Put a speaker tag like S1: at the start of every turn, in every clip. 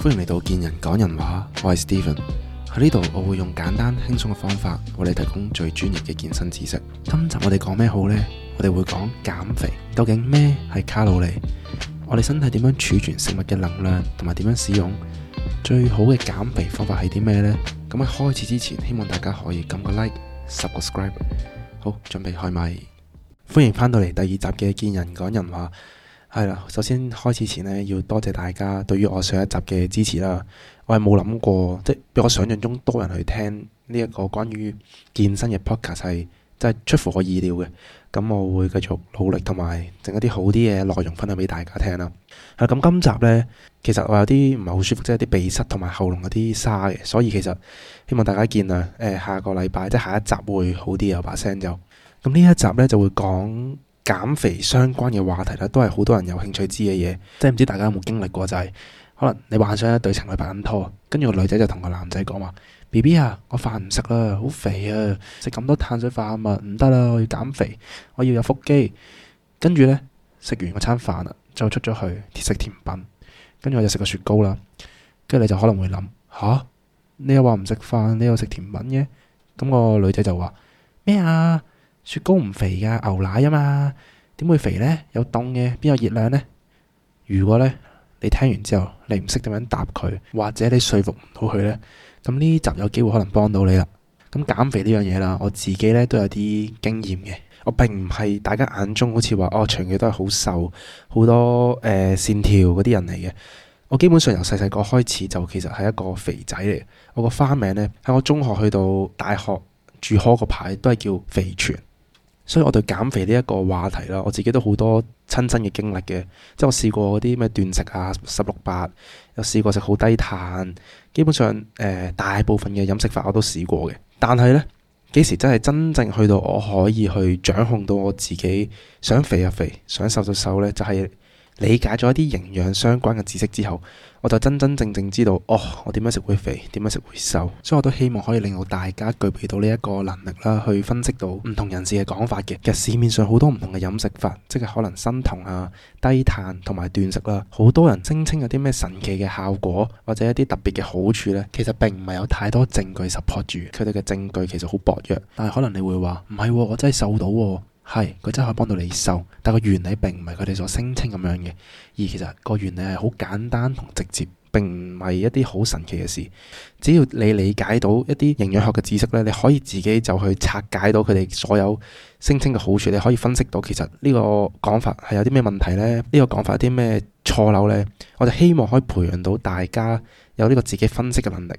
S1: 歡迎嚟到健人講人話，我係 Steven 喺，呢度，我會用簡單輕鬆嘅方法為你提供最專業嘅健身知識。今集我哋講咩好呢？我哋會講減肥，究竟咩係卡路里？我哋身體點樣儲存食物嘅能量，同埋點樣使用？最好嘅減肥方法係啲咩呢？咁喺開始之前，希望大家可以撳個 like，subscribe，好，準備開咪，歡迎翻到嚟第二集嘅健人講人話。係啦，首先開始前呢，要多謝大家對於我上一集嘅支持啦。我係冇諗過，即係比我想像中多人去聽呢一個關於健身嘅 Podcast，係真係出乎我意料嘅。咁我會繼續努力，同埋整一啲好啲嘅內容分享俾大家聽啦。係咁，今集呢，其實我有啲唔係好舒服，即係啲鼻塞同埋喉嚨嗰啲沙嘅，所以其實希望大家見啊，誒、呃、下個禮拜即係下一集會好啲，有把聲就。咁呢一集呢，就會講減肥相關嘅話題咧，都係好多人有興趣知嘅嘢。即係唔知大家有冇經歷過，就係、是、可能你幻想一對情侶拍緊拖，跟住個女仔就同個男仔講話：BB 啊，我飯唔食啦，好肥啊，食咁多碳水化合物唔得啦，我要減肥，我要有腹肌。跟住呢，食完個餐飯啦，就出咗去食甜品，跟住我就食個雪糕啦。跟住你就可能會諗：吓，你又話唔食飯，你又食甜品嘅？咁、那個女仔就話咩啊？雪糕唔肥噶，牛奶啊嘛，點會肥呢？有凍嘅邊有熱量呢？如果咧你聽完之後，你唔識點樣答佢，或者你説服唔到佢呢，咁呢集有機會可能幫到你啦。咁減肥呢樣嘢啦，我自己呢都有啲經驗嘅。我並唔係大家眼中好似話哦，長期都係好瘦好多誒、呃、線條嗰啲人嚟嘅。我基本上由細細個開始就其實係一個肥仔嚟。我個花名呢，喺我中學去到大學住校個牌都係叫肥全。所以我對減肥呢一個話題啦，我自己都好多親身嘅經歷嘅，即係我試過嗰啲咩斷食啊，十六八，又試過食好低碳，基本上誒、呃、大部分嘅飲食法我都試過嘅。但係咧幾時真係真正去到我可以去掌控到我自己想肥就肥，想瘦就瘦咧，就係、係。理解咗一啲營養相關嘅知識之後，我就真真正正知道，哦，我點樣食會肥，點樣食會瘦。所以我都希望可以令到大家具備到呢一個能力啦，去分析到唔同人士嘅講法嘅。其實市面上好多唔同嘅飲食法，即係可能生酮啊、低碳同埋斷食啦，好多人聲稱有啲咩神奇嘅效果，或者一啲特別嘅好處呢，其實並唔係有太多證據 support 住。佢哋嘅證據其實好薄弱。但係可能你會話，唔係喎，我真係瘦到。係，佢真係可以幫到你瘦，但個原理並唔係佢哋所聲稱咁樣嘅，而其實個原理係好簡單同直接，並唔係一啲好神奇嘅事。只要你理解到一啲營養學嘅知識呢，你可以自己就去拆解到佢哋所有聲稱嘅好處，你可以分析到其實呢個講法係有啲咩問題呢？呢個講法有啲咩錯漏呢？我就希望可以培養到大家有呢個自己分析嘅能力。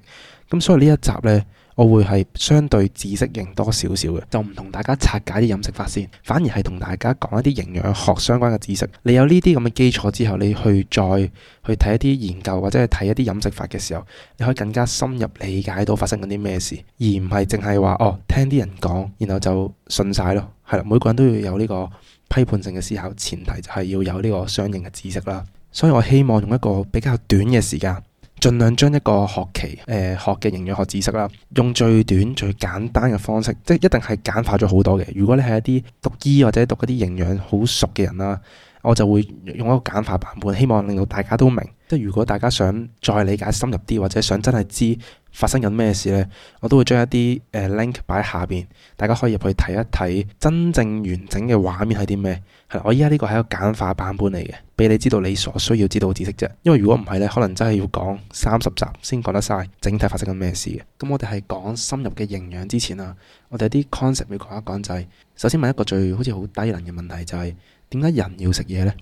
S1: 咁所以呢一集呢。我會係相對知識型多少少嘅，就唔同大家拆解啲飲食法先，反而係同大家講一啲營養學相關嘅知識。你有呢啲咁嘅基礎之後，你去再去睇一啲研究或者去睇一啲飲食法嘅時候，你可以更加深入理解到發生緊啲咩事而是是，而唔係淨係話哦，聽啲人講，然後就信晒咯。係啦，每個人都要有呢個批判性嘅思考，前提就係要有呢個相應嘅知識啦。所以我希望用一個比較短嘅時間。盡量將一個學期誒、呃、學嘅營養學知識啦，用最短最簡單嘅方式，即係一定係簡化咗好多嘅。如果你係一啲讀醫或者讀一啲營養好熟嘅人啦，我就會用一個簡化版本，希望令到大家都明。即係如果大家想再理解深入啲，或者想真係知發生緊咩事呢？我都會將一啲誒 link 擺喺下邊，大家可以入去睇一睇真正完整嘅畫面係啲咩。係我依家呢個係一個簡化版本嚟嘅，俾你知道你所需要知道嘅知識啫。因為如果唔係呢，可能真係要講三十集先講得晒。整體發生緊咩事嘅。咁我哋係講深入嘅營養之前啊，我哋啲 concept 要講一講就係、係、首先問一個最好似好低能嘅問題、就係，就係點解人要食嘢呢？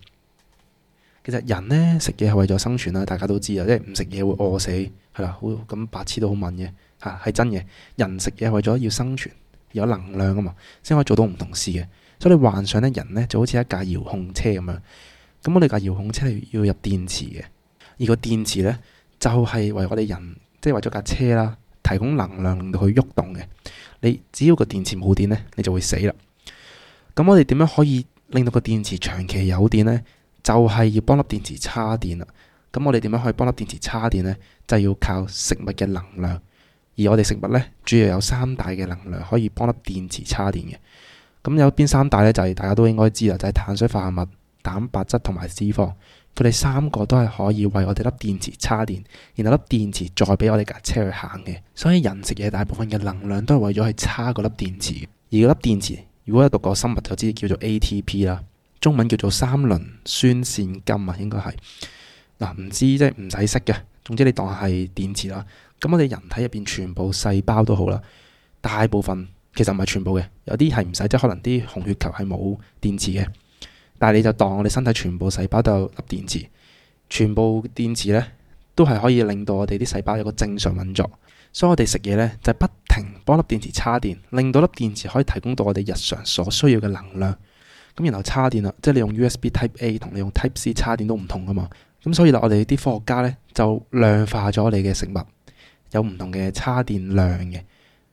S1: 其實人咧食嘢係為咗生存啦，大家都知啊，即係唔食嘢會餓死係啦，好咁白痴都好問嘅吓，係真嘅。人食嘢係為咗要生存，有能量啊嘛，先可以做到唔同事嘅。所以你幻想咧，人咧就好似一架遙控車咁樣。咁我哋架遙控車係要入電池嘅，而個電池咧就係為我哋人，即係為咗架車啦，提供能量令到佢喐動嘅。你只要個電池冇電咧，你就會死啦。咁我哋點樣可以令到個電池長期有電咧？就係要幫粒電池叉電啦。咁我哋點樣可以幫粒電池叉電呢？就係要靠食物嘅能量。而我哋食物呢，主要有三大嘅能量可以幫粒電池叉電嘅。咁有邊三大呢？就係大家都應該知啦，就係碳水化合物、蛋白質同埋脂肪。佢哋三個都係可以為我哋粒電池叉電，然後粒電池再俾我哋架車去行嘅。所以人食嘢大部分嘅能量都係為咗去叉嗰粒電池。而嗰粒電池，如果有讀過生物就知叫做 ATP 啦。中文叫做三磷酸腺苷啊，應該係。嗱，唔、啊、知即係唔使識嘅，總之你當係電池啦。咁我哋人體入邊全部細胞都好啦，大部分其實唔係全部嘅，有啲係唔使，即係可能啲紅血球係冇電池嘅。但係你就當我哋身體全部細胞都有粒電池，全部電池呢，都係可以令到我哋啲細胞有個正常運作。所以我哋食嘢呢，就係不停幫粒電池插電，令到粒電池可以提供到我哋日常所需要嘅能量。咁然後叉電啦，即係你用 USB Type A 同你用 Type C 叉電都唔同噶嘛。咁所以啦，我哋啲科學家咧就量化咗你嘅食物有唔同嘅叉電量嘅，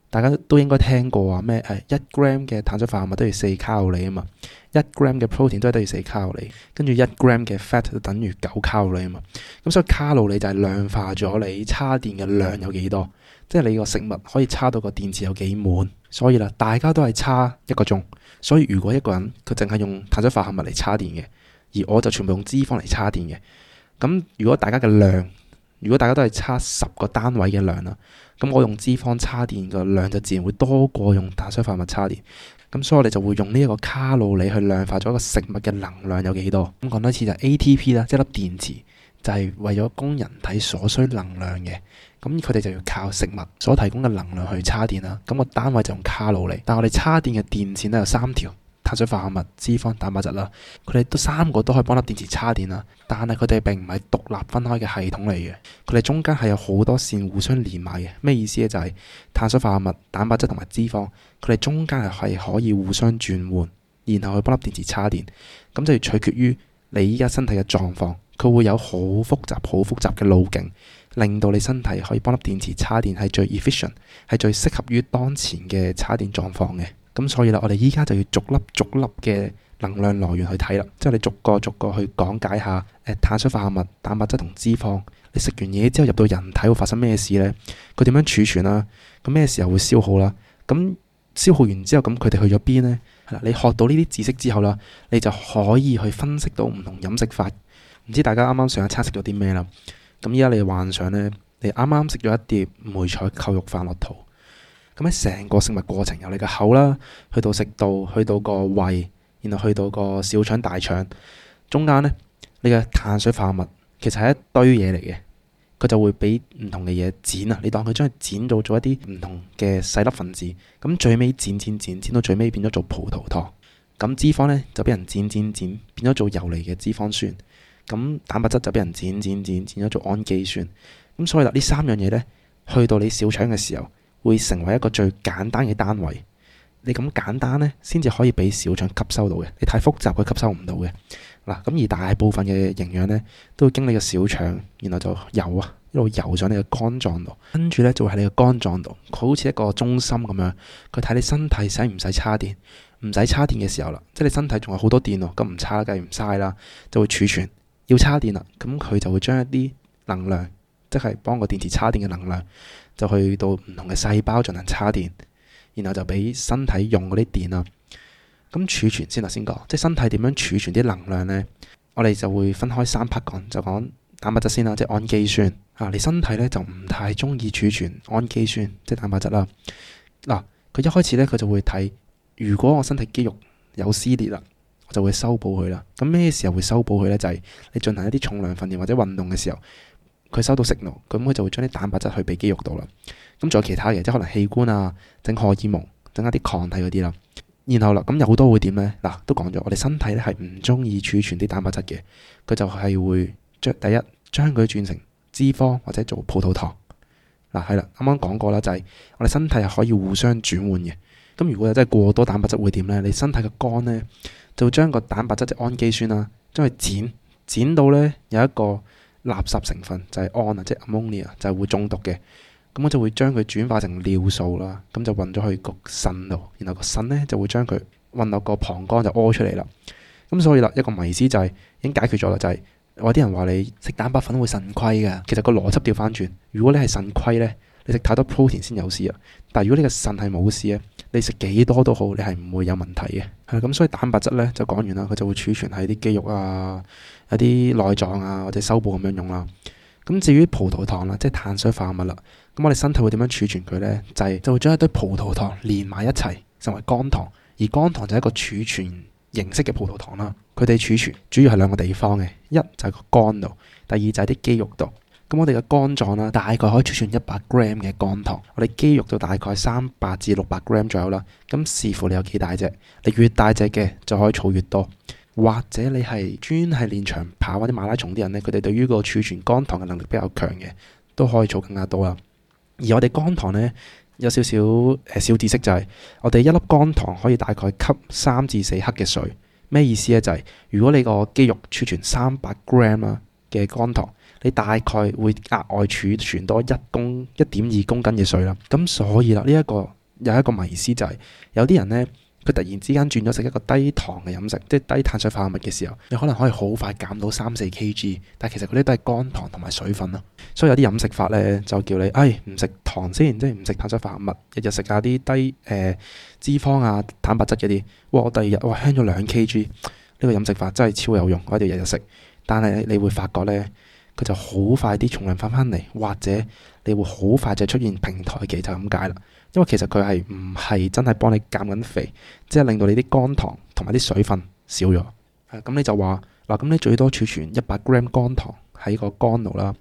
S1: 大家都應該聽過話咩誒一 gram 嘅碳水化合物都要四卡路里啊嘛，一 gram 嘅 protein 都係都要四卡路里，跟住一 gram 嘅 fat 都等於九卡路里啊嘛。咁所以卡路里就係量化咗你叉電嘅量有幾多，即係你個食物可以叉到個電池有幾滿。所以啦，大家都係差一個鐘。所以如果一個人佢淨係用碳水化合物嚟叉電嘅，而我就全部用脂肪嚟叉電嘅。咁如果大家嘅量，如果大家都係差十個單位嘅量啦，咁我用脂肪叉電嘅量就自然會多過用碳水化合物叉電。咁所以我哋就會用呢一個卡路里去量化咗一個食物嘅能量有幾多。咁講多次就 ATP 啦，即粒電池，就係為咗供人體所需能量嘅。咁佢哋就要靠食物所提供嘅能量去叉電啦。咁、那個單位就用卡路里。但係我哋叉電嘅電線呢，有三條：碳水化合物、脂肪、蛋白質啦。佢哋都三個都可以幫粒電池叉電啦。但係佢哋並唔係獨立分開嘅系統嚟嘅。佢哋中間係有好多線互相連埋嘅。咩意思呢？就係、是、碳水化合物、蛋白質同埋脂肪，佢哋中間係可以互相轉換，然後去幫粒電池叉電。咁就要取決於你依家身體嘅狀況，佢會有好複雜、好複雜嘅路徑，令到你身體可以幫粒電池叉電係最 efficient，係最適合於當前嘅叉電狀況嘅。咁所以啦，我哋依家就要逐粒逐粒嘅能量來源去睇啦，即係你逐個逐個去講解下，碳水化合物、蛋白質同脂肪，你食完嘢之後入到人體會發生咩事呢？佢點樣儲存啦、啊？咁咩時候會消耗啦？咁消耗完之後，咁佢哋去咗邊呢？係啦，你學到呢啲知識之後啦，你就可以去分析到唔同飲食法。唔知大家啱啱上一餐食咗啲咩啦？咁依家你幻想呢，你啱啱食咗一碟梅菜扣肉飯落肚，咁喺成個食物過程由你嘅口啦，去到食道，去到個胃，然後去到個小腸大腸，中間呢，你嘅碳水化合物其實係一堆嘢嚟嘅，佢就會俾唔同嘅嘢剪啊！你當佢將佢剪到咗一啲唔同嘅細粒分子，咁最尾剪剪剪剪，剪到最尾變咗做葡萄糖，咁脂肪呢，就俾人剪，剪剪剪，變咗做油嚟嘅脂肪酸。咁，蛋白質就俾人剪剪剪剪咗做氨基酸。咁所以啦，呢三樣嘢咧，去到你小腸嘅時候，會成為一個最簡單嘅單位。你咁簡單咧，先至可以俾小腸吸收到嘅。你太複雜，佢吸收唔到嘅。嗱，咁而大部分嘅營養咧，都會經你嘅小腸，然後就油啊一路遊上你嘅肝臟度，跟住咧就會喺你嘅肝臟度。佢好似一個中心咁樣，佢睇你身體使唔使叉電？唔使叉電嘅時候啦，即係你身體仲有好多電喎，咁唔叉梗係唔嘥啦，就會儲存。要叉電啦！咁佢就會將一啲能量，即係幫個電池叉電嘅能量，就去到唔同嘅細胞進行叉電，然後就俾身體用嗰啲電啊。咁儲存先啦，先講，即係身體點樣儲存啲能量呢？我哋就會分開三 part 講，就講蛋白質先啦，即係氨基酸啊。你身體咧就唔太中意儲存氨基酸，即係蛋白質啦。嗱、啊，佢一開始咧佢就會睇，如果我身體肌肉有撕裂啦。就會修補佢啦。咁咩時候會修補佢呢？就係你進行一啲重量訓練或者運動嘅時候，佢收到訊號，咁佢就會將啲蛋白質去俾肌肉度啦。咁仲有其他嘅，即係可能器官啊、整荷爾蒙、整一啲抗體嗰啲啦。然後啦，咁有好多會點呢？嗱，都講咗，我哋身體咧係唔中意儲存啲蛋白質嘅，佢就係會將第一將佢轉成脂肪或者做葡萄糖。嗱，係啦，啱啱講過啦，就係我哋身體係可以互相轉換嘅。咁如果真係過多蛋白質會點呢？你身體嘅肝呢，就會將個蛋白質即係氨基酸啦，將佢剪剪到呢有一個垃圾成分就係胺啊，即係 ammonia 就係會中毒嘅。咁我就會將佢轉化成尿素啦，咁就運咗去個腎度，然後個腎呢，就會將佢運落個膀胱就屙出嚟啦。咁所以啦，一個迷思就係已經解決咗啦，就係有啲人話你食蛋白粉會腎虧嘅，其實個邏輯掉翻轉，如果你係腎虧呢。你食太多 protein 先有事啊！但係如果你個腎係冇事啊，你食幾多都好，你係唔會有問題嘅。咁所以蛋白質咧就講完啦，佢就會儲存喺啲肌肉啊、一啲內臟啊或者修補咁樣用啦。咁至於葡萄糖啦，即係碳水化合物啦。咁我哋身體會點樣儲存佢咧？就係就會將一堆葡萄糖連埋一齊成為肝糖，而肝糖就係一個儲存形式嘅葡萄糖啦。佢哋儲存主要係兩個地方嘅，一就係個肝度，第二就係啲肌肉度。咁我哋嘅肝臟啦，大概可以儲存一百 gram 嘅肝糖；我哋肌肉就大概三百至六百 gram 左右啦。咁視乎你有幾大隻，你越大隻嘅就可以儲越多。或者你係專係練長跑或者馬拉松啲人咧，佢哋對於個儲存肝糖嘅能力比較強嘅，都可以儲更加多啦。而我哋肝糖咧，有少少誒小知識就係，我哋一粒肝糖可以大概吸三至四克嘅水。咩意思咧？就係如果你個肌肉儲存三百 gram 啦嘅肝糖。你大概會額外儲存多一公一點二公斤嘅水啦，咁所以啦，呢、這、一個有一個迷思就係、是、有啲人呢，佢突然之間轉咗食一個低糖嘅飲食，即係低碳水化合物嘅時候，你可能可以好快減到三四 K G，但其實嗰啲都係肝糖同埋水分啦。所以有啲飲食法呢，就叫你，唉、哎，唔食糖先，即係唔食碳水化合物，日日食下啲低、呃、脂肪啊、蛋白質嗰啲。哇，我第二日哇輕咗兩 K G，呢個飲食法真係超有用，我一定要日日食。但係你會發覺呢。佢就好快啲重量翻返嚟，或者你會好快就出現平台期，就咁解啦。因為其實佢係唔係真係幫你減緊肥，即係令到你啲肝糖同埋啲水分少咗。誒、啊、咁你就話嗱，咁你最多儲存一百 gram 肝糖喺個肝度啦，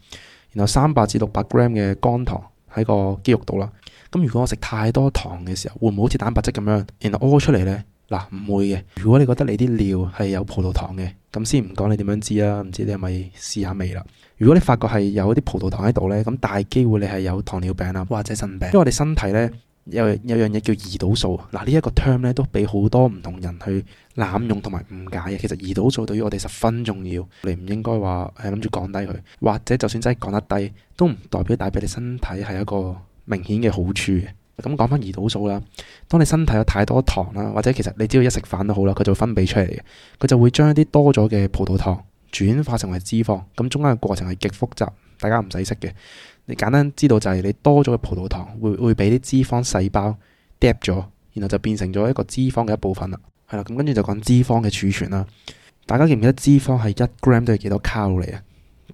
S1: 然後三百至六百 gram 嘅肝糖喺個肌肉度啦。咁如果我食太多糖嘅時候，會唔會好似蛋白質咁樣然後屙出嚟呢？嗱，唔會嘅。如果你覺得你啲尿係有葡萄糖嘅，咁先唔講你點樣知啦，唔知你係咪試下味啦。如果你發覺係有啲葡萄糖喺度呢，咁大機會你係有糖尿病啊或者腎病。因為我哋身體呢，有有樣嘢叫胰島素。嗱，呢一個 term 呢，都俾好多唔同人去濫用同埋誤解嘅。其實胰島素對於我哋十分重要，你唔應該話誒諗住降低佢，或者就算真係降得低，都唔代表帶俾你身體係一個明顯嘅好處嘅。咁講翻胰島素啦，當你身體有太多糖啦，或者其實你只要一食飯都好啦，佢就會分泌出嚟嘅，佢就會將一啲多咗嘅葡萄糖轉化成為脂肪。咁中間嘅過程係極複雜，大家唔使識嘅。你簡單知道就係你多咗嘅葡萄糖會會俾啲脂肪細胞 d e 咗，然後就變成咗一個脂肪嘅一部分啦。係啦，咁跟住就講脂肪嘅儲存啦。大家記唔記得脂肪係一 gram 都係幾多卡路里啊？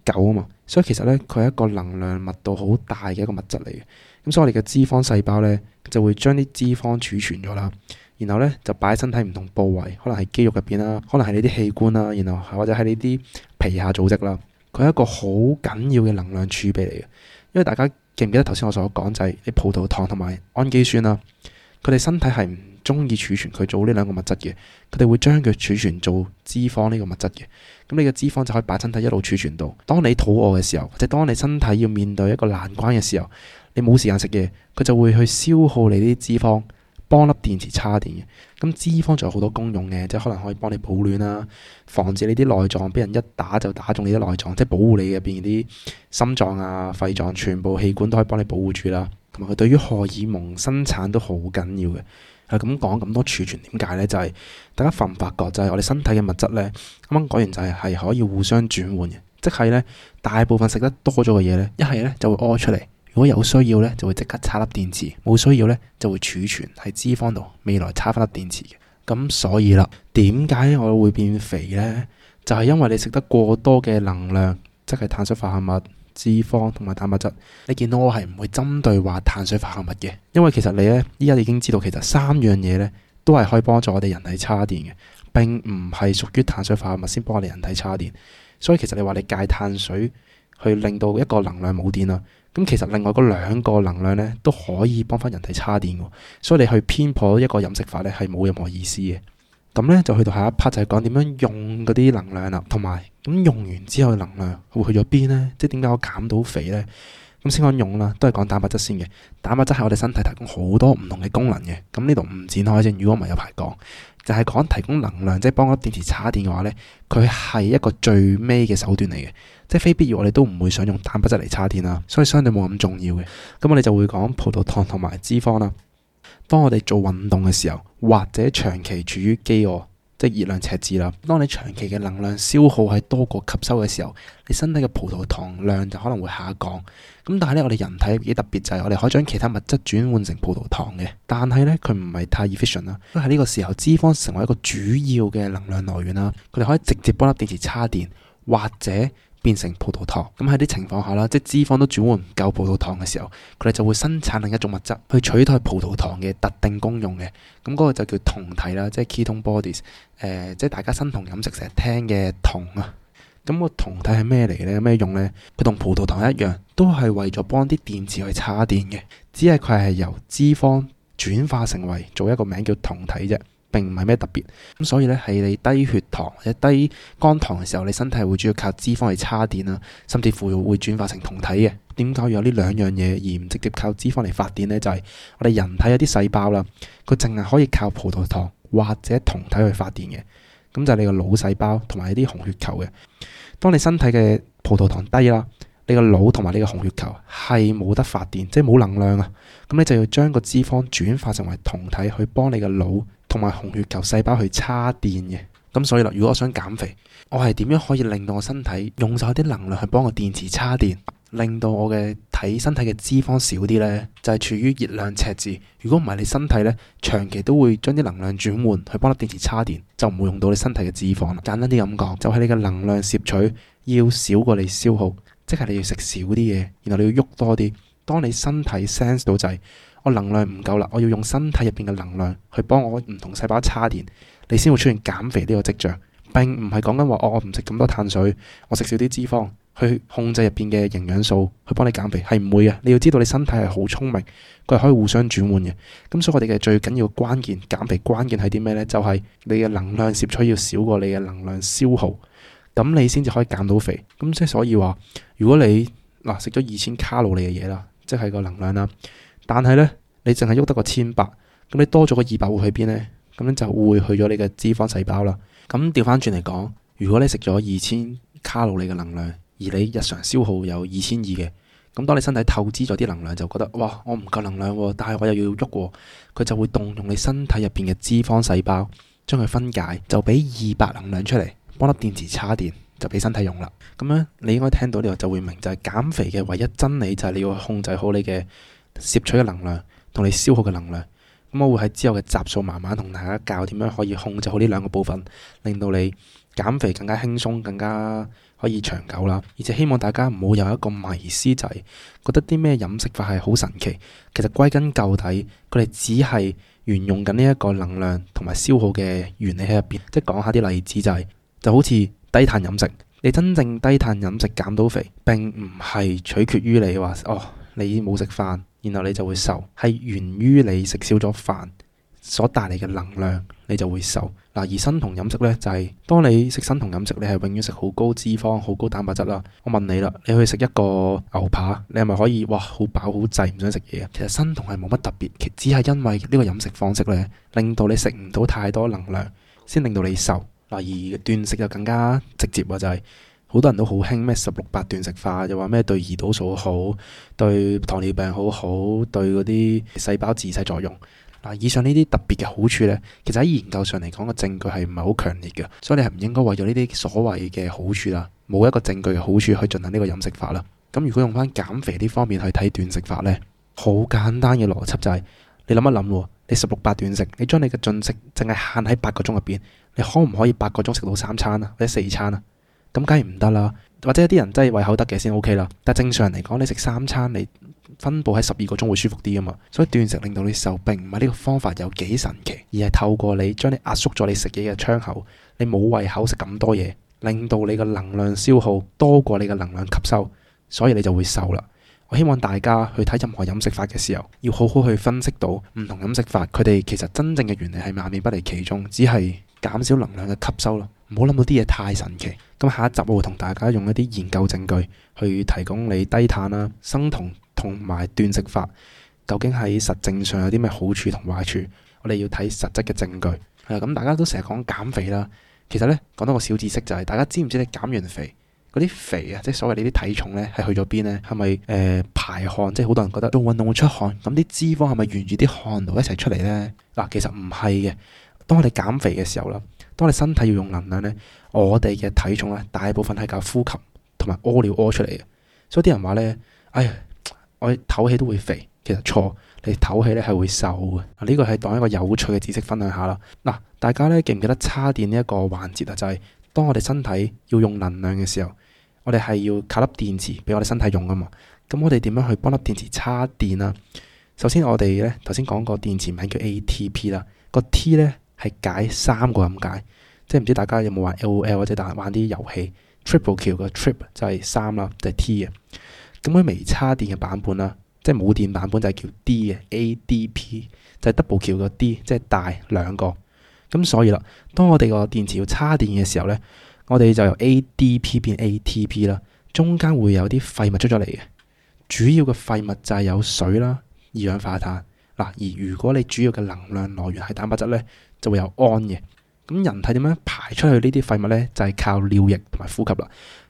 S1: 九啊嘛。所以其實咧，佢係一個能量密度好大嘅一個物質嚟嘅。咁所以我哋嘅脂肪細胞咧，就會將啲脂肪儲存咗啦。然後咧就擺喺身體唔同部位，可能係肌肉入邊啦，可能係你啲器官啦，然後或者係你啲皮下組織啦。佢係一個好緊要嘅能量儲備嚟嘅。因為大家記唔記得頭先我所講就係啲葡萄糖同埋氨基酸呀。佢哋身體係唔中意儲存佢做呢兩個物質嘅，佢哋會將佢儲存做脂肪呢個物質嘅。咁你嘅脂肪就可以擺身體一路儲存到。當你肚餓嘅時候，即係當你身體要面對一個難關嘅時候，你冇時間食嘢，佢就會去消耗你啲脂肪，幫粒電池叉電嘅。咁脂肪仲有好多功用嘅，即係可能可以幫你保暖啦，防止你啲內臟俾人一打就打中你啲內臟，即係保護你入邊啲心臟啊、肺臟，全部器官都可以幫你保護住啦。同埋佢對於荷爾蒙生產都好緊要嘅。啊，咁講咁多儲存，點解呢？就係大家發唔發覺，就係我哋身體嘅物質呢，啱啱講完就係係可以互相轉換嘅，即係呢，大部分食得多咗嘅嘢呢，一係呢就會屙出嚟。如果有需要呢，就會即刻插粒電池；冇需要呢，就會儲存喺脂肪度，未來插翻粒電池嘅。咁所以啦，點解我會變肥呢？就係因為你食得過多嘅能量，即係碳水化合物。脂肪同埋蛋白質，你見到我係唔會針對話碳水化合物嘅，因為其實你呢，依家已經知道，其實三樣嘢呢都係可以幫助我哋人體叉電嘅，並唔係屬於碳水化合物先幫我哋人體叉電。所以其實你話你戒碳水去令到一個能量冇電啦，咁其實另外嗰兩個能量呢都可以幫翻人體叉電嘅。所以你去偏頗一個飲食法呢，係冇任何意思嘅。咁咧就去到下一 part 就係講點樣用嗰啲能量啦，同埋咁用完之後嘅能量會去咗邊呢？即係點解我減到肥呢？咁先講用啦，都係講蛋白質先嘅。蛋白質係我哋身體提供好多唔同嘅功能嘅。咁呢度唔展開先，如果唔係有排講，就係講提供能量，即係幫我電池插電嘅話呢，佢係一個最尾嘅手段嚟嘅。即係非必要，我哋都唔會想用蛋白質嚟插電啦，所以相對冇咁重要嘅。咁我哋就會講葡萄糖同埋脂肪啦。當我哋做運動嘅時候。或者長期處於饑餓，即係熱量赤字啦。當你長期嘅能量消耗係多過吸收嘅時候，你身體嘅葡萄糖量就可能會下降。咁但係咧，我哋人體幾特別就係我哋可以將其他物質轉換成葡萄糖嘅，但係咧佢唔係太 efficient 啦。佢喺呢個時候，脂肪成為一個主要嘅能量來源啦。佢哋可以直接幫粒電池叉電，或者，變成葡萄糖，咁喺啲情況下啦，即係脂肪都轉換唔夠葡萄糖嘅時候，佢哋就會生產另一種物質去取代葡萄糖嘅特定功用嘅。咁、那、嗰個就叫酮體啦，即係 ketone bodies，誒、呃，即係大家生酮飲食成日聽嘅酮啊，咁個酮體係咩嚟嘅咧？有咩用咧？佢同葡萄糖一樣，都係為咗幫啲電池去叉電嘅，只係佢係由脂肪轉化成為做一個名叫酮體啫。並唔係咩特別咁，所以呢，係你低血糖或者低肝糖嘅時候，你身體會主要靠脂肪嚟叉電啊，甚至乎會轉化成酮體嘅。點解要有呢兩樣嘢而唔直接靠脂肪嚟發電呢？就係、是、我哋人體有啲細胞啦，佢淨係可以靠葡萄糖或者酮體去發電嘅。咁就係你個腦細胞同埋一啲紅血球嘅。當你身體嘅葡萄糖低啦，你個腦同埋你個紅血球係冇得發電，即係冇能量啊。咁你就要將個脂肪轉化成為酮體去幫你個腦。同埋紅血球細胞去叉電嘅，咁所以啦，如果我想減肥，我係點樣可以令到我身體用咗啲能量去幫我電池叉電，令到我嘅體身體嘅脂肪少啲呢，就係處於熱量赤字。如果唔係，你身體呢長期都會將啲能量轉換去幫粒電池叉電，就唔會用到你身體嘅脂肪啦。簡單啲咁講，就係你嘅能量攝取要少過你消耗，即係你要食少啲嘢，然後你要喐多啲。當你身體 sense 到就係我能量唔夠啦，我要用身體入邊嘅能量去幫我唔同細胞叉電，你先會出現減肥呢個跡象，並唔係講緊話哦，我唔食咁多碳水，我食少啲脂肪去控制入邊嘅營養素去幫你減肥係唔會嘅。你要知道你身體係好聰明，佢係可以互相轉換嘅。咁所以我哋嘅最緊要關鍵減肥關鍵係啲咩呢？就係你嘅能量攝取要少過你嘅能量消耗，咁你先至可以減到肥。咁即係所以話，如果你嗱食咗二千卡路里嘅嘢啦。即係個能量啦，但係呢，你淨係喐得個千八，咁你多咗個二百會去邊呢？咁樣就會去咗你嘅脂肪細胞啦。咁調翻轉嚟講，如果你食咗二千卡路里嘅能量，而你日常消耗有二千二嘅，咁當你身體透支咗啲能量，就覺得哇，我唔夠能量，但係我又要喐，佢就會動用你身體入邊嘅脂肪細胞，將佢分解，就俾二百能量出嚟，幫粒電池叉電。就俾身體用啦。咁樣，你應該聽到呢個就會明，就係減肥嘅唯一真理就係你要控制好你嘅攝取嘅能量同你消耗嘅能量。咁我會喺之後嘅集數慢慢同大家教點樣可以控制好呢兩個部分，令到你減肥更加輕鬆，更加可以長久啦。而且希望大家唔好有一個迷思，就係覺得啲咩飲食法係好神奇。其實歸根究底，佢哋只係沿用緊呢一個能量同埋消耗嘅原理喺入邊。即係講下啲例子，就係，就係就好似。低碳飲食，你真正低碳飲食減到肥，並唔係取決於你話哦，你冇食飯，然後你就會瘦，係源於你食少咗飯所帶嚟嘅能量，你就會瘦。嗱，而生酮飲食呢，就係當你食生酮飲食，你係永遠食好高脂肪、好高蛋白質啦。我問你啦，你去食一個牛扒，你係咪可以哇，好飽好滯唔想食嘢？其實生酮係冇乜特別，只係因為呢個飲食方式呢，令到你食唔到太多能量，先令到你瘦。嗱，而斷食就更加直接喎，就係好多人都好興咩十六八斷食法，又話咩對胰島素好，對糖尿病好好，對嗰啲細胞自細作用。嗱，以上呢啲特別嘅好處呢，其實喺研究上嚟講個證據係唔係好強烈嘅，所以你係唔應該為咗呢啲所謂嘅好處啦，冇一個證據嘅好處去進行呢個飲食法啦。咁如果用翻減肥呢方面去睇斷食法呢，好簡單嘅邏輯就係你諗一諗喎。你十六八斷食，你將你嘅進食淨係限喺八個鐘入邊，你可唔可以八個鐘食到三餐啊，或者四餐啊？咁梗係唔得啦，或者有啲人真係胃口得嘅先 OK 啦。但正常人嚟講，你食三餐，你分佈喺十二個鐘會舒服啲啊嘛。所以斷食令到你瘦，並唔係呢個方法有幾神奇，而係透過你將你壓縮咗你食嘢嘅窗口，你冇胃口食咁多嘢，令到你嘅能量消耗多過你嘅能量吸收，所以你就會瘦啦。我希望大家去睇任何飲食法嘅時候，要好好去分析到唔同飲食法，佢哋其實真正嘅原理係萬變不離其宗，只係減少能量嘅吸收咯。唔好諗到啲嘢太神奇。咁下一集我會同大家用一啲研究證據去提供你低碳啦、生酮同埋斷食法，究竟喺實證上有啲咩好處同壞處？我哋要睇實質嘅證據。係、嗯、咁大家都成日講減肥啦，其實呢，講到個小知識就係、是、大家知唔知你減完肥，嗰啲肥啊，即係所謂你啲體重呢，係去咗邊呢？係咪誒排汗？即係好多人覺得做運動會出汗，咁啲脂肪係咪沿住啲汗度一齊出嚟呢？嗱，其實唔係嘅。當我哋減肥嘅時候啦，當你身體要用能量呢，我哋嘅體重呢，大部分係靠呼吸同埋屙尿屙出嚟嘅。所以啲人話呢，哎呀，我唞氣都會肥，其實錯。你唞氣呢係會瘦嘅。呢個係當一個有趣嘅知識分享下啦。嗱，大家呢，記唔記得叉電呢一個環節啊？就係當我哋身體要用能量嘅時候。我哋係要卡粒電池俾我哋身體用啊嘛，咁我哋點樣去幫粒電池叉電啊？首先我哋咧頭先講個電池名叫 ATP 啦，那個 T 咧係解三個咁解，即係唔知大家有冇玩 LOL 或者大玩啲遊戲 Triple 橋嘅 trip 就係三啦，就係 T 嘅。咁佢微叉電嘅版本啦，即係冇電版本就係叫 D 嘅 ADP，就係 double 橋嘅 D，即係大兩個。咁所以啦，當我哋個電池要叉電嘅時候咧。我哋就由 ADP 變 ATP 啦，中間會有啲廢物出咗嚟嘅，主要嘅廢物就係有水啦、二氧化碳。嗱，而如果你主要嘅能量來源係蛋白質咧，就會有氨嘅。咁人體點樣排出去廢呢啲廢物咧？就係、是、靠尿液同埋呼吸啦。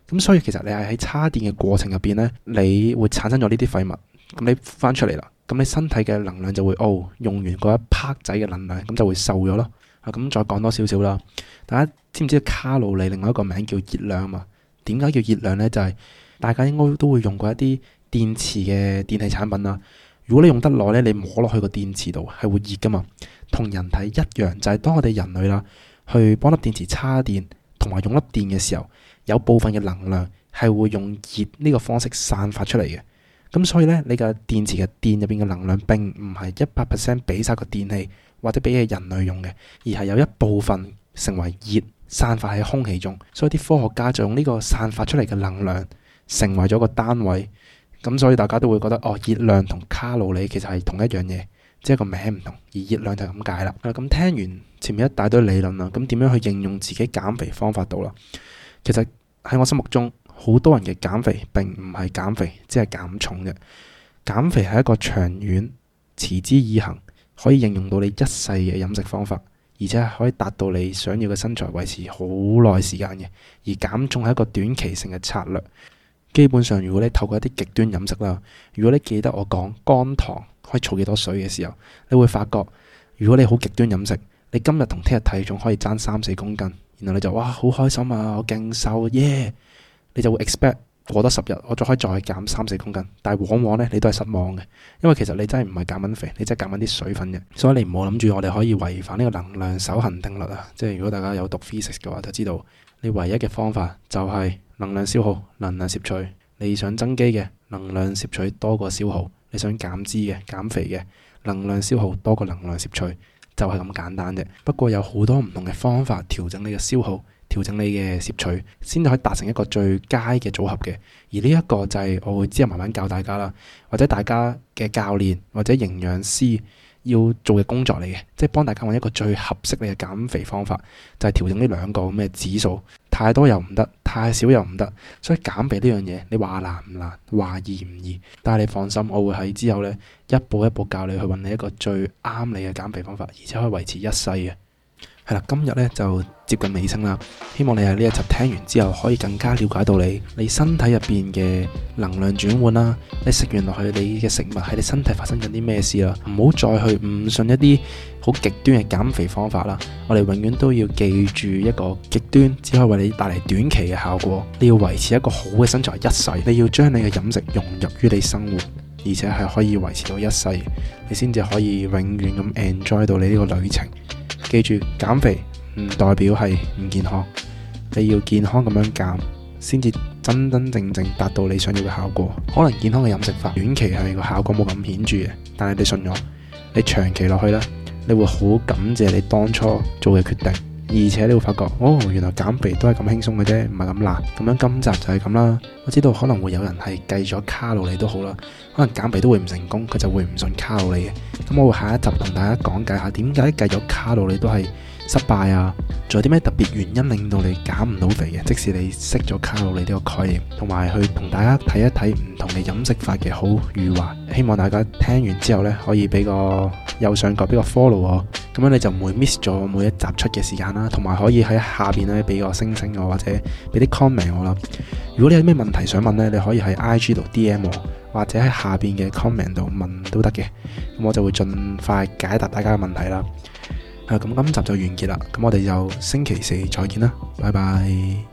S1: 咁所以其實你係喺叉電嘅過程入邊咧，你會產生咗呢啲廢物，咁你翻出嚟啦，咁你身體嘅能量就會哦用完嗰一 part 仔嘅能量，咁就會瘦咗咯。咁再講多少少啦！大家知唔知卡路里？另外一個名叫熱量啊嘛。點解叫熱量呢？就係大家應該都會用過一啲電池嘅電器產品啦。如果你用得耐咧，你摸落去個電池度係會熱噶嘛。同人體一樣，就係當我哋人類啦，去幫粒電池叉電同埋用粒電嘅時候，有部分嘅能量係會用熱呢個方式散發出嚟嘅。咁所以呢，你個電池嘅電入邊嘅能量並唔係一百 percent 俾曬個電器。或者俾人類用嘅，而係有一部分成為熱散發喺空氣中，所以啲科學家就用呢個散發出嚟嘅能量成為咗個單位，咁所以大家都會覺得哦，熱量同卡路里其實係同一樣嘢，即係個名唔同，而熱量就咁解啦。咁聽完前面一大堆理論啦，咁點樣去應用自己減肥方法到啦？其實喺我心目中，好多人嘅減肥並唔係減肥，即係減重嘅。減肥係一個長遠持之以恒。可以應用到你一世嘅飲食方法，而且可以達到你想要嘅身材維持好耐時間嘅。而減重係一個短期性嘅策略。基本上，如果你透過一啲極端飲食啦，如果你記得我講肝糖可以儲幾多水嘅時候，你會發覺如果你好極端飲食，你今日同聽日體重可以爭三四公斤，然後你就哇，好開心啊，我勁瘦耶，yeah! 你就會 expect。過多十日，我就可以再減三四公斤，但係往往呢，你都係失望嘅，因為其實你真係唔係減緊肥，你真係減緊啲水分嘅，所以你唔好諗住我哋可以違反呢個能量守恆定律啊！即係如果大家有讀 physics 嘅話，就知道你唯一嘅方法就係能量消耗、能量攝取。你想增肌嘅，能量攝取多過消耗；你想減脂嘅、減肥嘅，能量消耗多過能量攝取，就係咁簡單啫。不過有好多唔同嘅方法調整你嘅消耗。調整你嘅攝取，先至可以達成一個最佳嘅組合嘅。而呢一個就係我會之後慢慢教大家啦，或者大家嘅教練或者營養師要做嘅工作嚟嘅，即係幫大家揾一個最合適你嘅減肥方法，就係調整呢兩個咁嘅指數。太多又唔得，太少又唔得。所以減肥呢樣嘢，你話難唔難？話易唔易？但係你放心，我會喺之後呢一步一步教你去揾你一個最啱你嘅減肥方法，而且可以維持一世嘅。係啦，今日咧就接近尾聲啦。希望你喺呢一集聽完之後，可以更加了解到你，你身體入邊嘅能量轉換啦，你食完落去你嘅食物喺你身體發生緊啲咩事啦。唔好再去誤信一啲好極端嘅減肥方法啦。我哋永遠都要記住一個極端只可以為你帶嚟短期嘅效果。你要維持一個好嘅身材一世，你要將你嘅飲食融入於你生活，而且係可以維持到一世，你先至可以永遠咁 enjoy 到你呢個旅程。記住，減肥唔代表係唔健康，你要健康咁樣減，先至真真正正達到你想要嘅效果。可能健康嘅飲食法，短期係個效果冇咁顯著嘅，但係你信我，你長期落去咧，你會好感謝你當初做嘅決定。而且你會發覺，哦，原來減肥都係咁輕鬆嘅啫，唔係咁難。咁樣今集就係咁啦。我知道可能會有人係計咗卡路里都好啦，可能減肥都會唔成功，佢就會唔信卡路里嘅。咁我會下一集同大家講解下點解計咗卡路里都係。失敗啊，仲有啲咩特別原因令到你減唔到肥嘅？即使你識咗卡路里呢個概念，同埋去同大家睇一睇唔同嘅飲食法嘅好與壞，希望大家聽完之後呢，可以俾個右上角俾個 follow 我，咁樣你就唔會 miss 咗每一集出嘅時間啦。同埋可以喺下邊呢俾個星星我，或者俾啲 comment 我啦。如果你有咩問題想問呢，你可以喺 IG 度 DM 我，或者喺下邊嘅 comment 度問都得嘅。咁我就會盡快解答大家嘅問題啦。啊，咁今集就完結啦，咁我哋就星期四再見啦，拜拜。